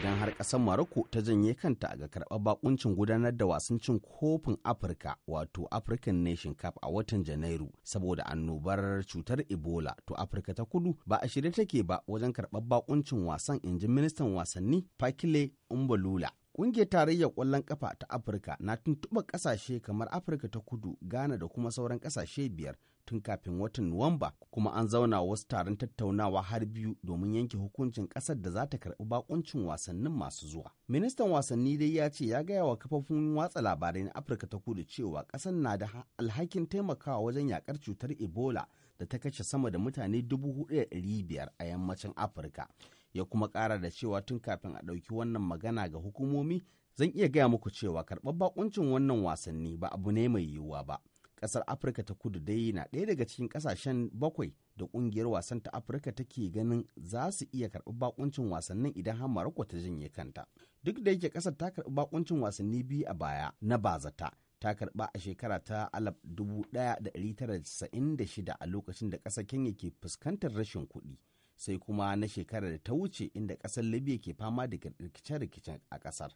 idan har ƙasar Morocco ta janye kanta ga karɓar bakuncin gudanar da wasan cin kofin Afirka wato African Nation Cup a watan Janairu saboda annobar cutar Ebola to Afirka ta kudu ba a shirye take ba wajen karɓar bakuncin wasan inji ministan wasanni Fakile Umbalula. Ƙungiyar tarayyar ƙwallon ƙafa ta Afirka na tuntuɓa ƙasashe kamar Afirka ta kudu, Ghana da kuma sauran ƙasashe biyar tun kafin watan Nuwamba kuma an zauna wasu taron tattaunawa har biyu domin yanke hukuncin ƙasar da za ta karbi bakuncin wasannin masu zuwa. Ministan wasanni dai ya ce ya gaya wa kafofin watsa labarai na Afirka ta kudu cewa ƙasar na da alhakin taimakawa wajen yakar cutar Ebola da ta kashe sama da mutane dubu biyar a yammacin Afirka. Ya kuma ƙara da cewa tun kafin a ɗauki wannan magana ga hukumomi zan iya gaya muku cewa karɓar bakuncin wannan wasanni ba abu ne mai yiwuwa ba kasar Afirka ta kudu dai na ɗaya daga cikin ƙasashen bakwai da ƙungiyar wasan ta Afirka take ganin za su iya karɓi bakuncin wasannin idan har Maroko ta janye kanta. Duk da yake ƙasar ta karɓi bakuncin wasanni biyu a baya na bazata ta karɓa a shekara ta da 1996 a lokacin da kasar Kenya ke fuskantar rashin kuɗi. sai kuma na shekarar da ta wuce inda ƙasar Libya ke fama da rikice-rikicen a ƙasar.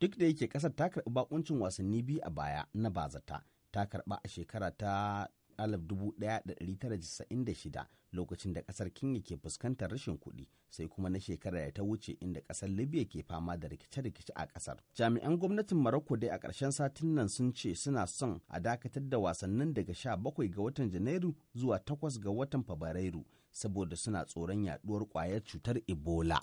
Duk da yake ƙasar ta karɓi bakuncin wasanni biyu a baya na bazata, ta karba a shekara ta 1996 lokacin da kasar Kenya ke fuskantar rashin kuɗi sai kuma na shekara da ta wuce inda kasar Libya ke fama da rikice-rikice a kasar. Jami'an gwamnatin Morocco dai a ƙarshen satin nan sun ce suna son a dakatar da wasannin daga 17 ga watan Janairu zuwa 8 ga watan Fabrairu saboda suna tsoron yaduwar kwayar cutar Ebola.